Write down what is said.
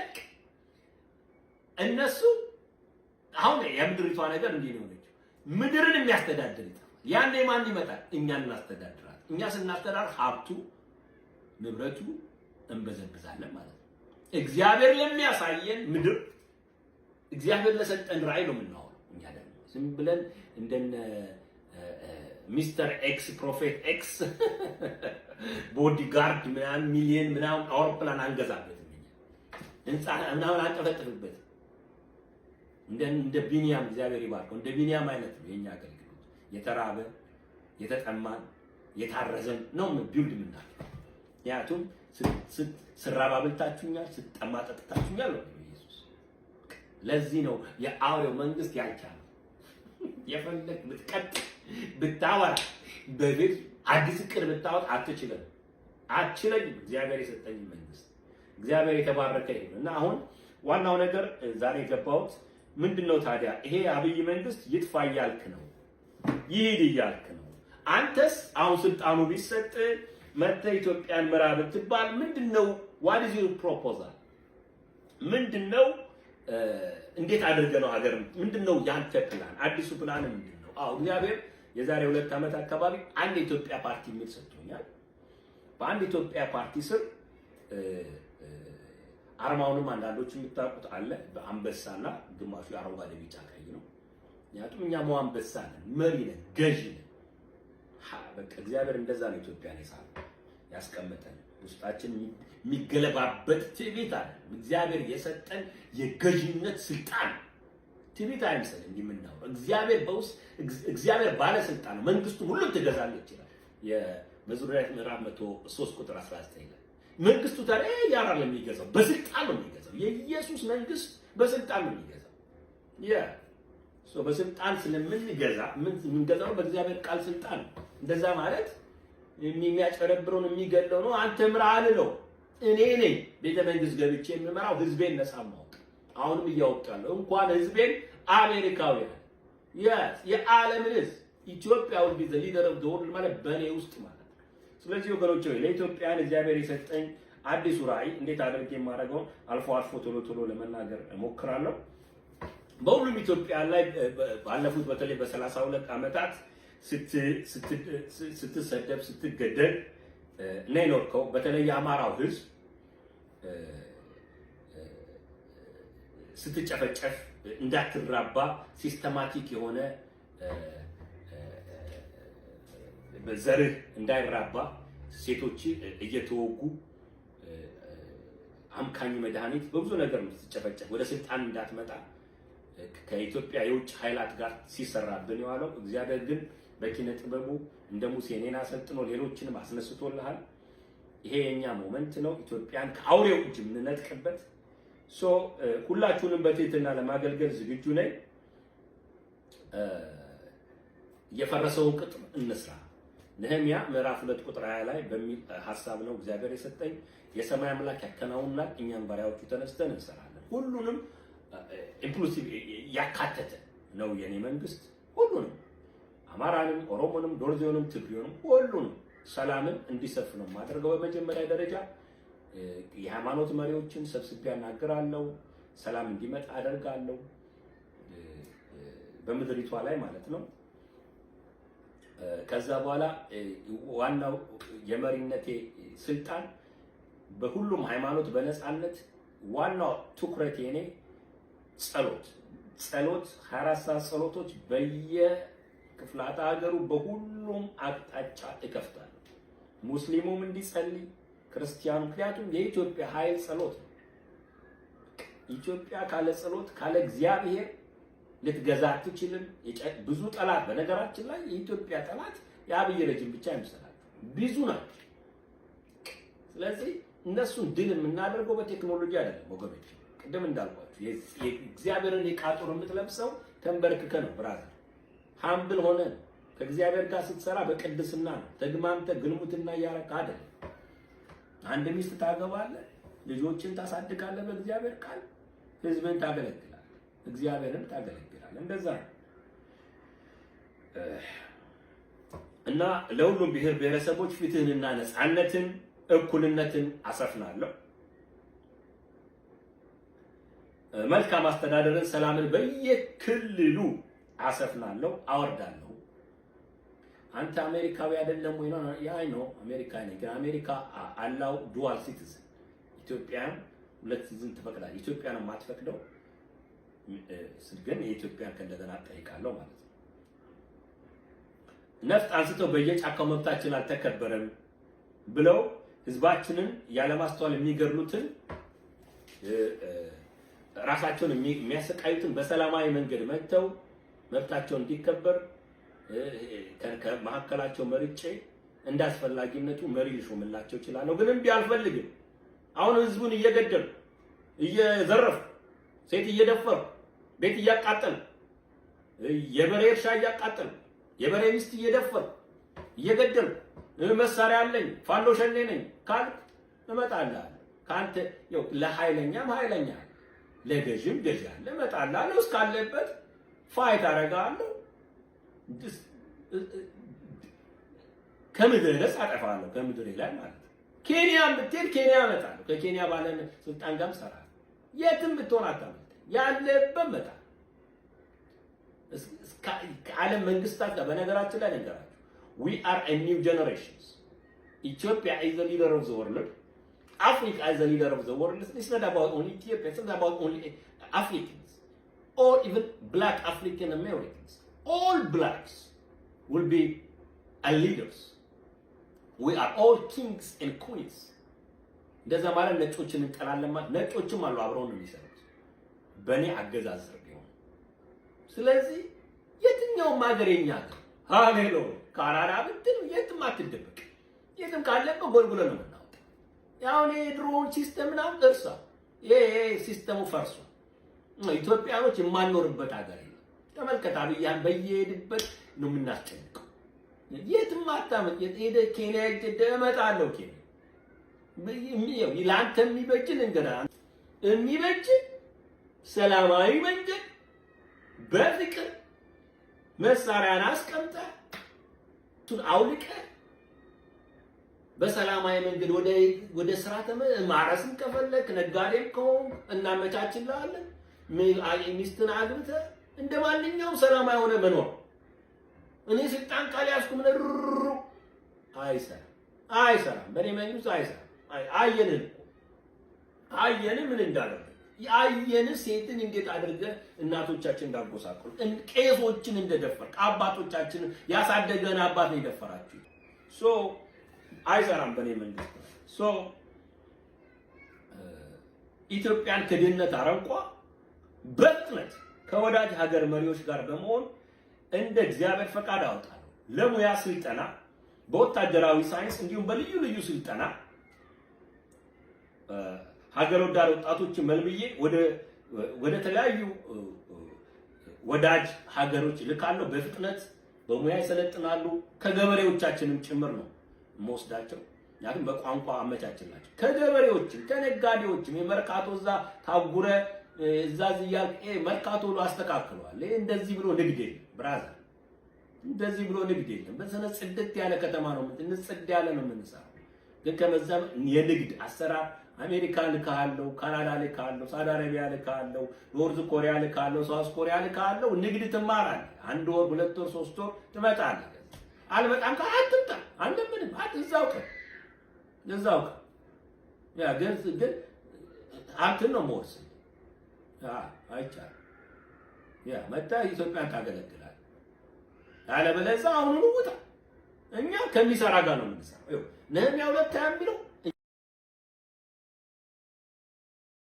ሲለቅ እነሱ አሁን የምድሪቷ ነገር እንዲህ ነው። ምድርን የሚያስተዳድር ይጠፋል። ያኔ ማን ይመጣል? እኛን እናስተዳድራለን። እኛ ስናስተዳድር ሀብቱ ንብረቱ እንበዘብዛለን ማለት ነው። እግዚአብሔር ለሚያሳየን ምድር እግዚአብሔር ለሰጠን ራዕይ ነው የምናወራው። እኛ ደግሞ ዝም ብለን እንደነ ሚስተር ኤክስ ፕሮፌት ኤክስ ቦዲጋርድ ምናምን ሚሊየን ምናምን አውሮፕላን አንገዛበት። ህንፃ ምናምን አንጠፈጥፍበት። እንደ ቢንያም እግዚአብሔር ይባርከው። እንደ አይነት ነው የኛ አገልግሎት። የተራበ የተጠማን የታረዘን ነው ቢውልድ ምክንያቱም ስራባ በልታችሁኛል፣ ስጠማ ጠጥታችሁኛል ነው ኢየሱስ። ለዚህ ነው የአውሬው መንግስት ያልቻለ የፈለግ ብትቀጥ ብታወራ አዲስ እቅድ ብታወጥ አትችልም፣ አትችለኝም እግዚአብሔር የሰጠኝ መንግስት እግዚአብሔር የተባረከ ይሁን እና አሁን ዋናው ነገር ዛሬ የገባሁት ምንድን ነው ታዲያ ይሄ አብይ መንግስት ይጥፋ እያልክ ነው፣ ይሂድ እያልክ ነው። አንተስ አሁን ስልጣኑ ቢሰጥ መተ ኢትዮጵያን ምራ ብትባል ምንድን ነው ዋት ኢዝ ዩር ፕሮፖዛል? ምንድን ነው እንዴት አድርገ ነው ሀገር ምንድን ነው ያንተ ፕላን? አዲሱ ፕላን ምንድን ነው? አዎ እግዚአብሔር የዛሬ ሁለት ዓመት አካባቢ አንድ የኢትዮጵያ ፓርቲ የሚል ሰጥቶኛል። በአንድ ኢትዮጵያ ፓርቲ ስር አርማውንም አንዳንዶች የምታውቁት አለ በአንበሳና ግማሹ የአረንጓዴ ቢጫ ቀይ ነው። ምክንያቱም እኛ ሞ አንበሳ ነን፣ መሪ ነን፣ ገዥ ነን። በቃ እግዚአብሔር እንደዛ ነው ኢትዮጵያ ነሳ ያስቀመጠን። ውስጣችን የሚገለባበት ትዕቢት አለ። እግዚአብሔር የሰጠን የገዥነት ስልጣን ትዕቢት አይምሰል እንዲምናው እግዚአብሔር በውስጥ እግዚአብሔር ባለስልጣን ነው። መንግስቱ ሁሉም ትገዛለች ይላል የመዝሙረ ዳዊት ምዕራፍ ሶስት ቁጥር 19 ላይ መንግስቱ ታዲያ ያራ ነው የሚገዛው፣ በስልጣን ነው የሚገዛው። የኢየሱስ መንግስት በስልጣን ነው የሚገዛው። ያ ሶ በስልጣን ስለምንገዛ ምን የምንገዛው በእግዚአብሔር ቃል ስልጣን ነው። እንደዛ ማለት የሚያጨረብረውን የሚገለው ነው። አንተ ምራ አልለው እኔ ነኝ ቤተ መንግስት ገብቼ የምመራው ህዝቤን ነፃ ማውቅ። አሁንም እያወጣለሁ እንኳን ህዝቤን አሜሪካውያን የዓለምን ህዝብ ኢትዮጵያ ውል ቢዘ ሊደረግ ማለት በእኔ ውስጥ ማለት ስለዚህ ወገኖች ሆይ ለኢትዮጵያን እግዚአብሔር የሰጠኝ አዲሱ ራዕይ እንዴት አድርጌ የማደርገው አልፎ አልፎ ቶሎ ቶሎ ለመናገር እሞክራለሁ። በሁሉም ኢትዮጵያ ላይ ባለፉት በተለይ በሰላሳ ሁለት ዓመታት ስትሰደብ ስትገደል እና የኖርከው በተለይ የአማራው ህዝብ ስትጨፈጨፍ እንዳትራባ ሲስተማቲክ የሆነ ዘርህ እንዳይራባ ሴቶች እየተወጉ አምካኝ መድኃኒት በብዙ ነገር ነው ስትጨፈጨፍ ወደ ስልጣን እንዳትመጣ ከኢትዮጵያ የውጭ ኃይላት ጋር ሲሰራብን የዋለው። እግዚአብሔር ግን በኪነ ጥበቡ እንደ ሙሴ እኔን አሰልጥኖ ሌሎችንም አስነስቶልሃል። ይሄ የኛ ሞመንት ነው፣ ኢትዮጵያን ከአውሬው እጅ የምንነጥቅበት። ሁላችሁንም በትህትና ለማገልገል ዝግጁ ነኝ። የፈረሰውን ቅጥር እንስራ። ነህሚያ ምዕራፍ ሁለት ቁጥር ሀያ ላይ በሚል ሀሳብ ነው እግዚአብሔር የሰጠኝ። የሰማይ አምላክ ያከናውናል፣ እኛም ባሪያዎቹ ተነስተን እንሰራለን። ሁሉንም ኢንክሉሲቭ ያካተተ ነው የኔ መንግስት። ሁሉንም አማራንም፣ ኦሮሞንም፣ ዶርዜውንም፣ ትግሬውንም ሁሉንም ሰላምን እንዲሰፍ ነው ማድረገው። በመጀመሪያ ደረጃ የሃይማኖት መሪዎችን ሰብስቤ ያናግራለሁ። ሰላም እንዲመጣ አደርጋለሁ በምድሪቷ ላይ ማለት ነው። ከዛ በኋላ ዋናው የመሪነቴ ስልጣን በሁሉም ሃይማኖት በነፃነት ዋናው ትኩረት የኔ ጸሎት ጸሎት 24 ሰዓት ጸሎቶች በየክፍላተ ሀገሩ በሁሉም አቅጣጫ እከፍታለሁ። ሙስሊሙም እንዲጸልይ ክርስቲያኑ፣ ምክንያቱም የኢትዮጵያ ኃይል ጸሎት ነው። ኢትዮጵያ ካለ ጸሎት ካለ እግዚአብሔር ልትገዛ አትችልም። ብዙ ጠላት በነገራችን ላይ የኢትዮጵያ ጠላት የአብይ ረጅም ብቻ ይመስላል ብዙ ናቸው። ስለዚህ እነሱን ድል የምናደርገው በቴክኖሎጂ አይደለም ወገኖች፣ ቅድም እንዳልኳችሁ የእግዚአብሔርን የቃጦር የምትለብሰው ተንበርክከ ነው። ብራዘር ሀምብል ሆነ ከእግዚአብሔር ጋር ስትሰራ በቅድስና ነው። ተግማምተ ግልሙትና እያረካ አይደለም። አንድ ሚስት ታገባለህ፣ ልጆችን ታሳድጋለህ፣ በእግዚአብሔር ቃል ህዝብን ታገለግላለህ፣ እግዚአብሔርን ታገለግላለህ። ይላል። እንደዛ እና ለሁሉም ብሔር ብሔረሰቦች ፍትህንና ነፃነትን እኩልነትን አሰፍናለሁ። መልካም አስተዳደርን፣ ሰላምን በየክልሉ አሰፍናለሁ፣ አወርዳለሁ። አንተ አሜሪካዊ አይደለም ወይ? ያይ ነው አሜሪካ ነኝ። ግን አሜሪካ አላው ዱዋል ሲቲዝን ኢትዮጵያን ሁለት ሲቲዝን ትፈቅዳለች። ኢትዮጵያ ነው የማትፈቅደው። ግን የኢትዮጵያን ክልልን ጠይቃለሁ ማለት ነው። ነፍጥ አንስተው በየጫካው መብታችን አልተከበረም ብለው ህዝባችንን ያለማስተዋል የሚገድሉትን ራሳቸውን የሚያሰቃዩትን በሰላማዊ መንገድ መጥተው መብታቸውን እንዲከበር ከመካከላቸው መርጬ እንደ አስፈላጊነቱ መሪ ልሾምላቸው እችላለሁ። ግን እንዲህ አልፈልግም። አሁን ህዝቡን እየገደሉ እየዘረፉ ሴት እየደፈር ቤት እያቃጠል የበሬ እርሻ እያቃጠል የበሬ ሚስት እየደፈር እየገደል መሳሪያ አለኝ ፋኖ ሸኔ ነኝ ካልክ እመጣልሃለሁ። ከአንተ ያው ለኃይለኛም ኃይለኛ ለገዥም ገዥ አለ እመጣልሃለሁ። እስካለበት ፋይት አደርግሃለሁ። ከምድር ደስ አጠፋለሁ። ከምድር ላይ ማለት ኬንያ ብትሄድ ኬንያ እመጣለሁ። ከኬንያ ባለ ስልጣን ጋርም እሰራለሁ። የትም ብትሆን አታመልጥ። ያለበት መጣ ከዓለም መንግስታት ጋር በነገራችን ላይ ነገራችሁ ዊ አር ኤ ኒው ጀነሬሽንስ ኢትዮጵያ ኢዝ ዘ ሊደር ኦፍ ዘ ወርልድ አፍሪካ ኢዝ ዘ ሊደር ኦፍ ዘ ወርልድ ኢትስ ኖት አባውት ኦንሊ ኢትዮጵያ ኢትስ ኖት አባውት ኦንሊ አፍሪካንስ ኦር ኢቨን ብላክ አፍሪካን አሜሪካንስ ኦል ብላክስ ዊል ቢ አ ሊደርስ ዊ አር ኦል ኪንግስ ኤንድ ኩዊንስ እንደዛ ማለት ነጮችን እንጠላለን ማለት ነጮችም አሉ አብረው ነው የሚሰሩት በእኔ አገዛዝ ስር ቢሆን። ስለዚህ የትኛውም ሀገር የኛ ሀገር ሀሌሎ ካናዳ ብትል የትም አትደበቅ። የትም ካለቀ ጎልጉለ ነው የምናወጣ። ያሁን የድሮውን ሲስተም ምናምን ደርሳ ይሄ ሲስተሙ ፈርሶ ኢትዮጵያኖች የማንኖርበት ሀገር ነው። ተመልከት፣ አብያን በየሄድበት ነው የምናስጨንቀው። የትም አታመጥ። ሄደ ኬንያ እመጣለሁ ኬንያ ለአንተ የሚበጅ ልንገርህ፣ የሚበጅ ሰላማዊ መንገድ በፍቅር መሳሪያን አስቀምጠህ እሱን አውልቀህ በሰላማዊ መንገድ ወደ ወደ ስራ ማረስም ከፈለክ ነጋዴም ከሆንክ እናመቻችልሃለን። ሚስትን አግብተህ እንደ ማንኛውም ሰላማዊ መኖር። እኔ ስልጣን አይሰራም፣ አይሰራም፣ በእኔ መንግስት አይሰራም። አየንን አየን ምን እንዳደረገ አየንህ ሴትን እንዴት አድርገ እናቶቻችን እንዳጎሳቆሉ ቄሶችን እንደደፈር አባቶቻችን ያሳደገን አባት የደፈራችሁ ሶ አይሰራም በኔ መንግስት ሶ ኢትዮጵያን ከድህነት አረንቋ በፍጥነት ከወዳጅ ሀገር መሪዎች ጋር በመሆን እንደ እግዚአብሔር ፈቃድ አወጣለሁ ለሙያ ስልጠና በወታደራዊ ሳይንስ እንዲሁም በልዩ ልዩ ስልጠና ሀገር ወዳድ ወጣቶችን መልምዬ ወደ ተለያዩ ወዳጅ ሀገሮች ልካለሁ። በፍጥነት በሙያ ይሰለጥናሉ። ከገበሬዎቻችንም ጭምር ነው የምወስዳቸው። ምክንያቱም በቋንቋ አመቻችን ናቸው። ከገበሬዎችም ከነጋዴዎችም የመርካቶ እዛ ታጉረ እዛ ዝያ መርካቶ ብሎ አስተካክለዋል። እንደዚህ ብሎ ንግድ የለም ብራዘር፣ እንደዚህ ብሎ ንግድ የለም። በሰነ ጽድት ያለ ከተማ ነው፣ ጽድ ያለ ነው የምንሰራው። ግን ከመዛም የንግድ አሰራር አሜሪካ ልካለው፣ ካናዳ ልካለው፣ ሳውዲ አረቢያ ልካለው፣ ኖርዝ ኮሪያ ልካለው፣ ሳውዝ ኮሪያ ልካለው። ንግድ ትማራል። አንድ ወር፣ ሁለት ወር፣ ሶስት ወር ትመጣለህ። አልመጣም ካለ አትምጣ፣ አንተ ምንም እዛው ቀር እዛው ቀር። ያ ግን ግን ሀብትን ነው መወስ አይቻልም። ያ መጣ ኢትዮጵያን ታገለግላል። ያለበለዚያ አሁኑ ውጣ። እኛ ከሚሰራ ጋር ነው የምንሰራው። ነህሚያ ሁለት ሀያ የሚለው